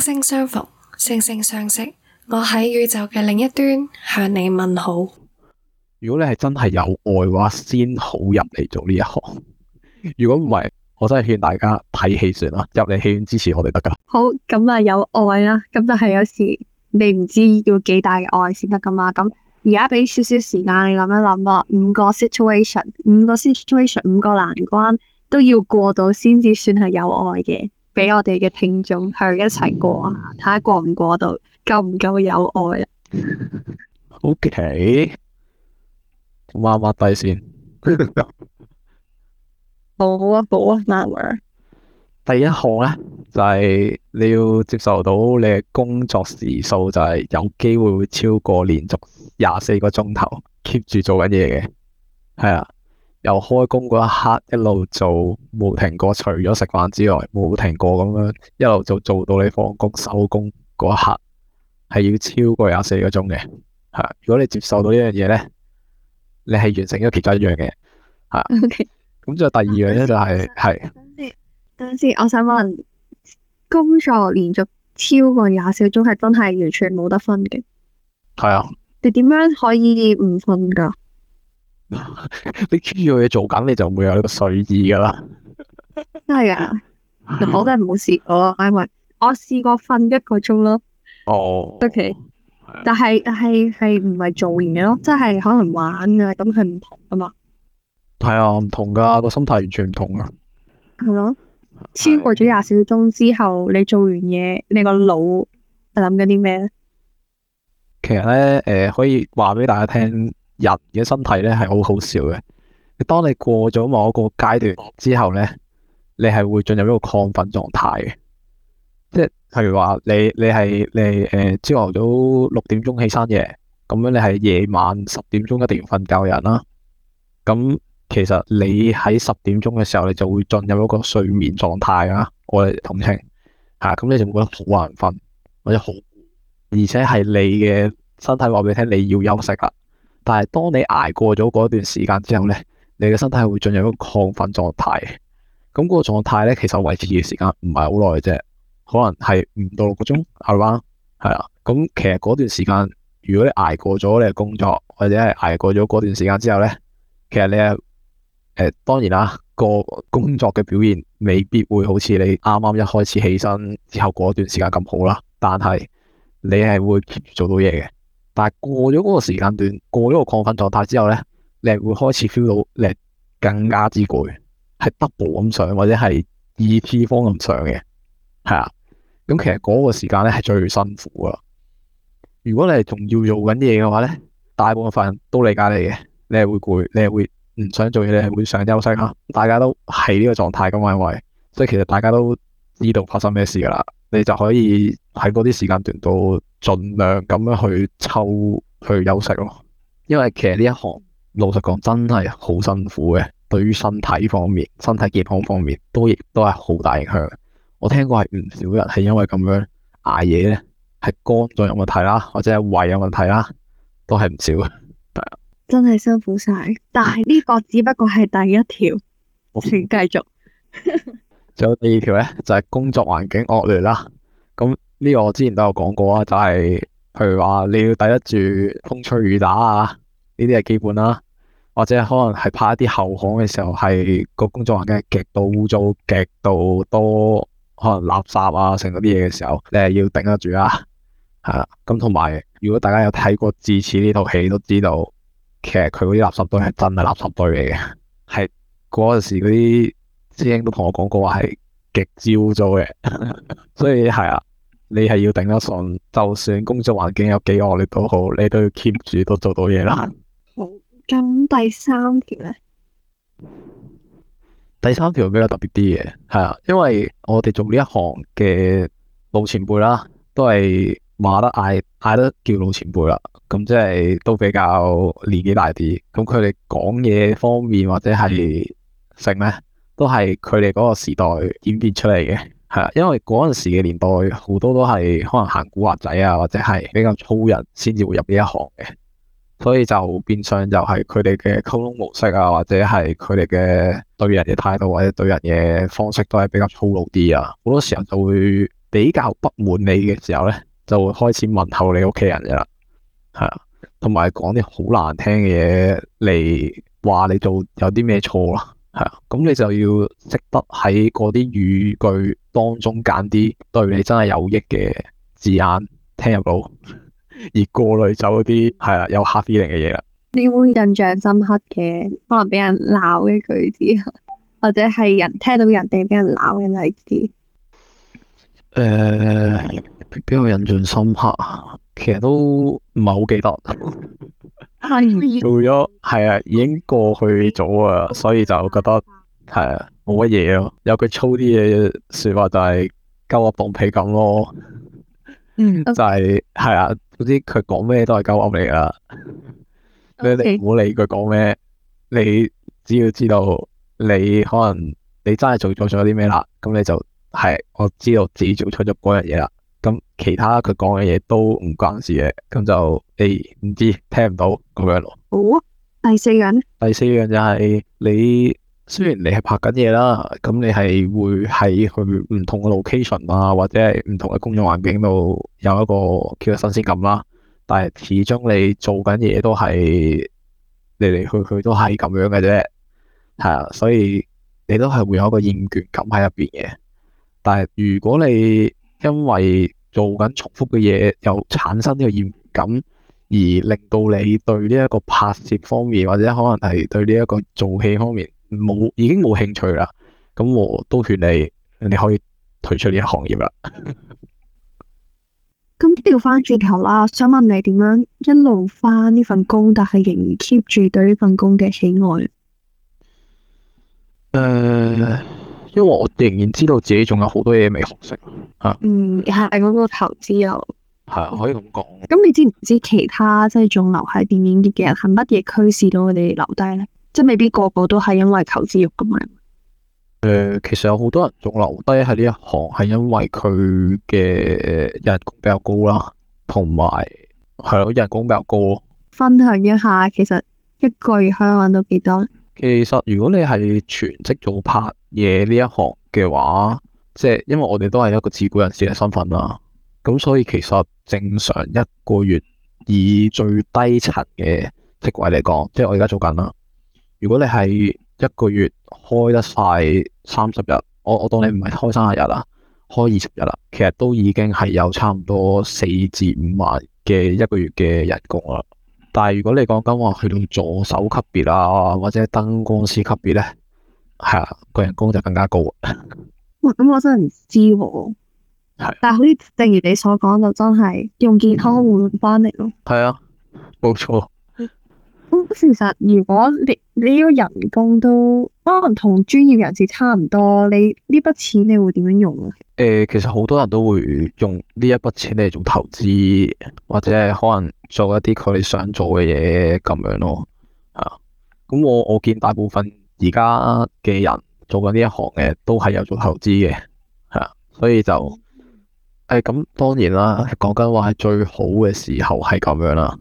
星星相逢，星星相惜。我喺宇宙嘅另一端向你問好。如果你係真係有愛嘅話，先好入嚟做呢一行。如果唔係，我真係勸大家睇戲算啦，入嚟戲院支持我哋得噶。好，咁啊有愛啦，咁就係有時你唔知要幾大嘅愛先得噶嘛。咁而家俾少少時間你諗一諗啦，五個 situation，五個 situation，五,五個難關都要過到先至算係有愛嘅。畀我哋嘅聽眾去一齊過下，睇下過唔過到，夠唔夠有愛啊？OK，抹抹底先。好啊，好啊，媽、那、媽、個。第一項咧就係、是、你要接受到你嘅工作時數就係有機會會超過連續廿四個鐘頭 keep 住做緊嘢嘅，係啊。由開工嗰一刻一路做冇停過，除咗食飯之外冇停過，咁樣一路就做，做到你放工收工嗰一刻，係要超過廿四個鐘嘅吓。如果你接受到呢樣嘢咧，你係完成咗其他一樣嘅吓。O K，咁再第二樣咧就係、係、係、啊。等陣我想問，工作連續超過廿四個鐘係真係完全冇得瞓嘅，係啊的？你點樣可以唔瞓噶？ 你 keep 住有嘢做緊，你就冇有呢個睡意噶啦。真係噶，我真係冇試過，因為我試過瞓一個鐘咯。哦，得嘅 Okay. 的，但係係係唔係做完嘅咯，即係可能玩啊，咁佢唔同噶嘛。係啊，唔同噶，個心態完全唔同啊。係咯、嗯，超過咗廿小鐘之後，你做完嘢，你個腦諗緊啲咩咧？其實咧，誒、呃，可以話俾大家聽。嗯人嘅身體咧係好好笑嘅。當你過咗某個階段之後咧，你係會進入一個亢奮狀態嘅，即係譬如話你你係你誒，朝、呃、頭早六點鐘起身嘅，咁樣你係夜晚十點鐘一定要瞓覺嘅人啦。咁其實你喺十點鐘嘅時候，你就會進入一個睡眠狀態啊。我哋同情吓，咁你就會覺得好難瞓或者好，而且係你嘅身體話俾你聽，你要休息啦。但係當你捱過咗嗰段時間之後咧，你嘅身體會進入一個亢奮狀態，咁嗰個狀態咧其實維持嘅時間唔係好耐啫，可能係五到六個鐘係嘛？係啊，咁、嗯、其實嗰段時間如果你捱過咗你嘅工作或者係捱過咗嗰段時間之後咧，其實你誒、呃，當然啦，個工作嘅表現未必會好似你啱啱一開始起身之後嗰段時間咁好啦，但係你係會 keep 住做到嘢嘅。但係過咗嗰個時間段，過咗個亢奮狀態之後咧，你係會開始 feel 到你更加之攰，係 double 咁上或者係二次方咁上嘅，係啊。咁其實嗰個時間咧係最辛苦㗎啦。如果你係仲要做緊嘢嘅話咧，大部分人都理解你嘅，你係會攰，你係會唔想做嘢，你係會想休息吓，大家都係呢個狀態咁樣咪。所以其實大家都知道發生咩事噶啦，你就可以喺嗰啲時間段度。盡量咁樣去抽去休息咯，因為其實呢一行老實講真係好辛苦嘅，對於身體方面、身體健康方面都亦都係好大影響。我聽過係唔少人係因為咁樣挨夜咧，係肝臟有問題啦，或者係胃有問題啦，都係唔少嘅。 真係辛苦晒，但係呢個只不過係第一條， 請繼繼續。仲 有第二條呢，就係、是、工作環境惡劣啦，咁。呢個我之前都有講過啊，就係、是、譬如話你要抵得住風吹雨打啊，呢啲係基本啦、啊，或者可能係拍一啲後巷嘅時候，係個工作環境係極度污糟、極度多可能垃圾啊，成嗰啲嘢嘅時候，你係要頂得住啊。係啦，咁同埋如果大家有睇過智齒呢套戲，都知道其實佢嗰啲垃圾堆係真係垃圾堆嚟嘅，係嗰陣時嗰啲師兄都同我講過話係極之污糟嘅， 所以係啊。 你係要頂得順，就算工作環境有幾惡劣都好，你都要 keep 住都做到嘢啦。好，咁第三條咧？第三條比較特別啲嘅，係啊，因為我哋做呢一行嘅老前輩啦，都係話得嗌，嗌得叫老前輩啦。咁即係都比較年紀大啲，咁佢哋講嘢方面或者係性咧，都係佢哋嗰個時代演變出嚟嘅。係因為嗰陣時嘅年代好多都係可能行古惑仔啊，或者係比較粗人先至會入呢一行嘅，所以就變相就係佢哋嘅溝通模式啊，或者係佢哋嘅對人嘅態度或者對人嘅方式都係比較粗魯啲啊。好多時候就會比較不滿你嘅時候咧，就會開始問候你屋企人噶啦，係啦，同埋講啲好難聽嘅嘢嚟話你做有啲咩錯囉，係啊，咁你就要識得喺嗰啲語句。當中揀啲對你真係有益嘅字眼聽入到，而過濾走一啲係啦有 hard feeling 嘅嘢啦。你會印象深刻嘅，可能俾人鬧嘅句子，或者係人聽到人哋俾人鬧嘅例子。誒，比較印象深刻啊，其實都唔係好記得。係。 做咗係啊，已經過去咗啊，所以就覺得係啊。冇乜嘢啊，有句粗啲嘅說話就係、是、鳩我放屁咁咯，嗯， 就係、是、係 Okay. 啊，總之佢講咩都係鳩我嚟噶。Okay. 你唔好理佢講咩，你只要知道你可能你真係做錯咗啲咩啦，咁你就係我知道自己做錯咗嗰樣嘢啦，咁其他佢講嘅嘢都唔關事嘅，咁就你唔、哎、知聽唔到咁樣咯。好、哦、第四樣第四樣就係你。雖然你係拍緊嘢啦，咁你係會喺佢唔同嘅 location 啊，或者係唔同嘅工作環境度有一個叫做新鮮感啦，啊。但係始終你做緊嘢都係嚟嚟去去都係咁樣嘅啫，係啊，所以你都係會有一個厭倦感喺入邊嘅。但係如果你因為做緊重複嘅嘢，又產生呢個厭感，而令到你對呢一個拍攝方面，或者可能係對呢一個做戲方面。冇，已經冇興趣啦。咁我都勸你，你可以退出呢一行業啦。咁要返轉頭啦，想問你點樣一路返呢份工，但係仍然 keep 住對呢份工嘅喜愛？誒、嗯，因為我仍然知道自己仲有好多嘢未學識吓。嗯，係嗰個投資又係啊，可以咁講。咁你知唔知其他即係仲留喺電影業嘅人，係乜嘢驅使到佢哋留低咧？即未必個個都係因為求知欲咁樣。誒、呃，其實有好多人仲留低喺呢一行，係因為佢嘅人工比較高啦，同埋係咯，人工比較高。分享一下，其實一個月可以搵到幾多？其實如果你係全職做拍嘢呢一行嘅話，即、就、係、是、因為我哋都係一個自僱人士嘅身份啦，咁所以其實正常一個月以最低層嘅職位嚟講，即係我而家做緊啦。如果你係一個月開得晒三十日，我我當你唔係開三十日啦，開二十日啦，其實都已經係有差唔多四至五萬嘅一個月嘅人工啦。但係如果你講緊話去到助手級別啊，或者燈光師級別咧，係啊，個人工就更加高。哇，咁我真係唔知喎、啊。係， 但係好似正如你所講，就真係用健康換翻嚟咯。係、嗯、啊，冇錯。咁其實如果你你個人工都可能同專業人士差唔多，你呢筆錢你會點樣用啊？誒，其實好多人都會用呢一筆錢嚟做投資，或者可能做一啲佢哋想做嘅嘢咁樣咯。啊，咁我我見大部分而家嘅人做緊呢一行嘅都係有做投資嘅，係、啊、所以就誒咁、哎、當然啦，講緊話係最好嘅時候係咁樣啦。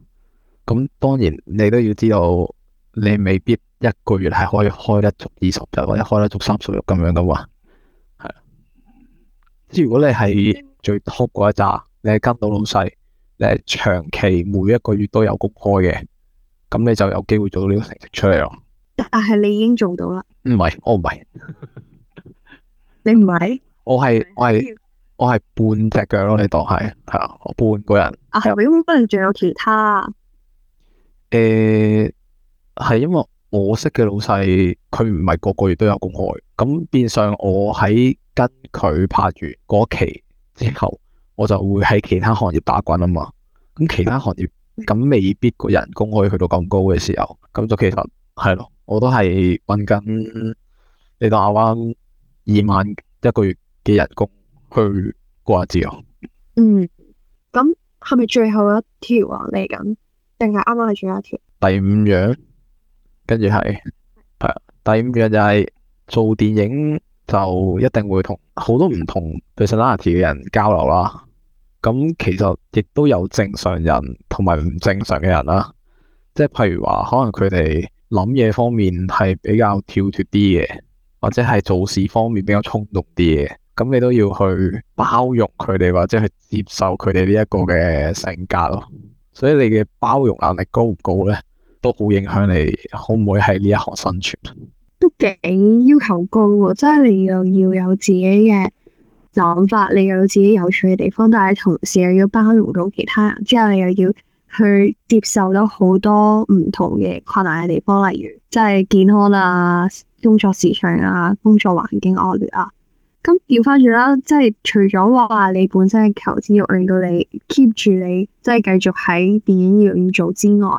咁當然你都要知道，你未必一個月係可以開得足二十日，或者開得足三十日咁樣噶嘛。係即係如果你係最 top 嗰一紮，你係跟到老細，你係長期每一個月都有谷開嘅，咁你就有機會做到呢個成績出嚟咯。但係你已經做到啦？唔係，我唔係， 你唔係，我係我係我係半隻腳咯，你當係係啊，我半個人。啊，代表可能仲有其他。誒，係、uh, 因為我識嘅老細，佢唔係個個月都有公開，咁變相我喺跟佢拍完嗰期之後，我就會喺其他行業打滾啊嘛。咁其他行業咁未必個人工可以去到咁高嘅時候，咁就其實係咯，我都係搵緊你當阿彎二萬一個月嘅人工去過日子咯。嗯，咁係咪最後一條啊嚟緊。定係啱啱係最後一條。第五樣，跟住係係第五樣就係、是、做電影就一定會同好多唔同 disability 嘅人交流啦。咁其實亦都有正常人同埋唔正常嘅人啦。即係譬如話，可能佢哋諗嘢方面係比較跳脫啲嘅，或者係做事方面比較衝動啲嘅。咁你都要去包容佢哋，或者去接受佢哋呢一個嘅性格咯。所以你嘅包容能力高唔高咧，都好影響你可唔可以喺呢一行生存。都幾要求高，即係你又要有自己嘅諗法，你又有自己有趣嘅地方，但係同時又要包容到其他人，之後你又要去接受到好多唔同嘅困難嘅地方，例如即係健康啊、工作時長啊、工作環境惡劣啊。咁調翻轉啦，即係除咗話你本身嘅求知欲令到你 keep 住你，即係繼續喺電影業做之外，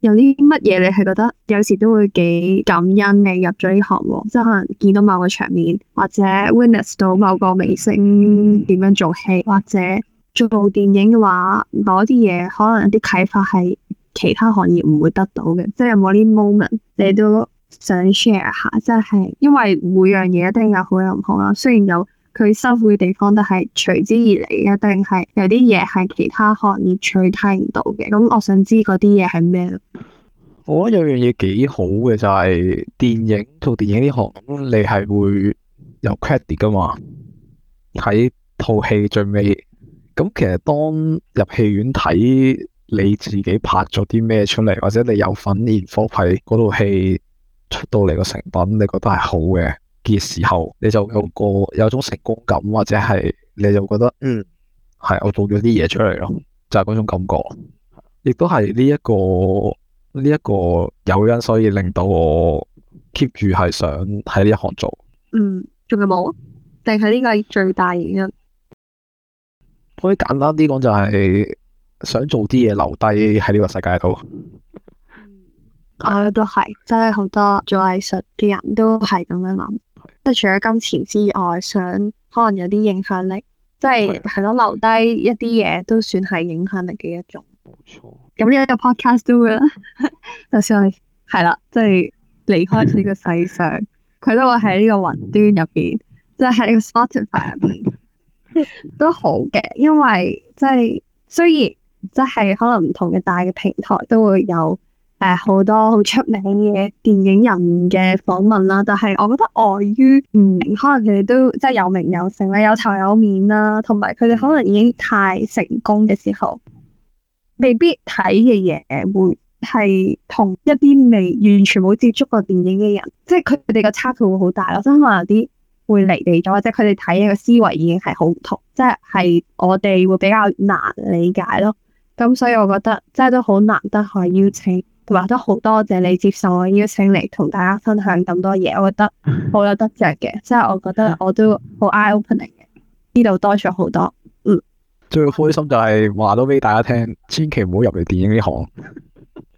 有啲乜嘢你係覺得有時都會幾感恩你入咗呢行喎？即係可能見到某個場面，或者 witness 到某個明星點樣做戲，或者做電影嘅話某啲嘢，可能有啲啟發係其他行業唔會得到嘅。即係有冇啲 moment 你都？想 share 下，即係因為每樣嘢一定有好有唔好啦。雖然有佢辛苦嘅地方都隨，但係隨之而嚟一定係有啲嘢係其他行業取替唔到嘅。咁我想知嗰啲嘢係咩？我覺得有樣嘢幾好嘅就係、是、電影做電影呢行，嗯、你係會有 credit 噶嘛？喺套戲最尾，咁、嗯、其實當入戲院睇你自己拍咗啲咩出嚟，或者你有份而獲批嗰套戲。.出到嚟個成品，你覺得係好嘅嘅時候，你就有個有種成功感，或者係你就覺得嗯係我做咗啲嘢出嚟咯，就係嗰種感覺。亦都係呢一個呢一個誘因，所以令到我 keep 住係想喺呢一行做。嗯，仲有冇？定係呢個係最大原因？可以簡單啲講，就係想做啲嘢留低喺呢個世界度。我都係，真係好多做藝術嘅人都係咁樣諗，即係除咗金錢之外，想可能有啲影響力，即係係咯，留低一啲嘢，都算係影響力嘅一種。冇錯。 咁呢一個 podcast 都會啦，就算係係啦，即係離開呢個世上，佢都話喺呢個雲端入邊，即係喺呢個 Spotify 都好嘅，因為即係雖然即係可能唔同嘅大嘅平台都會有。誒，好多好出名嘅電影人嘅訪問啦，但係我覺得礙於唔明，可能佢哋都即係有名有姓啦，有頭有面啦，同埋佢哋可能已經太成功嘅時候，未必睇嘅嘢會係同一啲，未完全冇接觸過電影嘅人，即係佢哋嘅差距會好大咯。真可能有啲會離地咗，或者佢哋睇嘅個思維已經係好唔同，即係係我哋會比較難理解咯。咁所以我覺得即係都好難得去邀請。話得好多謝你接受我邀請嚟同大家分享咁多嘢，我覺得好有得着嘅，即係 我覺得我都好 eye opening 嘅，呢度多咗好多。嗯，最開心就係話到俾大家聽，千祈唔好入嚟電影呢行。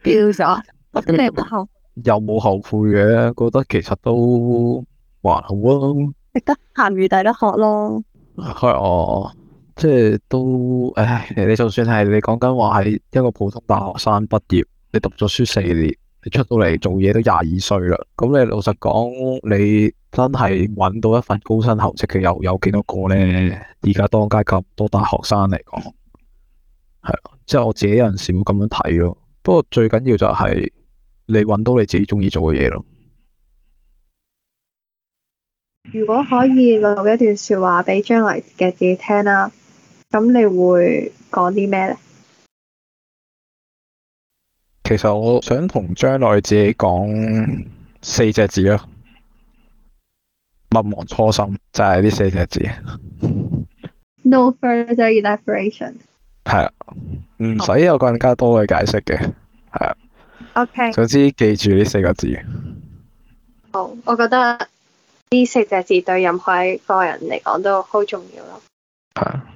丟咗， 我真係冇學，又冇後悔嘅，覺得其實都還好啊。值得咸魚抵得學咯，係、 嗯、啊，即係都誒，你就算係你講緊話係一個普通大學生畢業。你讀咗書四年，你出到嚟做嘢都廿二歲啦。咁你老實講，你真係揾到一份高薪厚職嘅又有幾多個呢？而家當街咁多大學生嚟講，係咯。即係我自己有陣時會咁樣睇咯。不過最緊要就係你揾到你自己鍾意做嘅嘢咯。如果可以錄一段說話俾將來嘅自己聽啦，咁你會講啲咩咧？其實我想同將來自己講四隻字咯，勿忘初心就係、是，呢四隻字。 No further elaboration. 係啊，唔使有更加多嘅解釋嘅，係啊。OK。總之記住呢四個字。好，我覺得呢四隻字對任何個人嚟講都好重要咯。係、啊。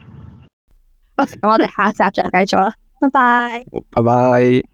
咁 我哋下一集再繼續啦，拜拜。拜拜。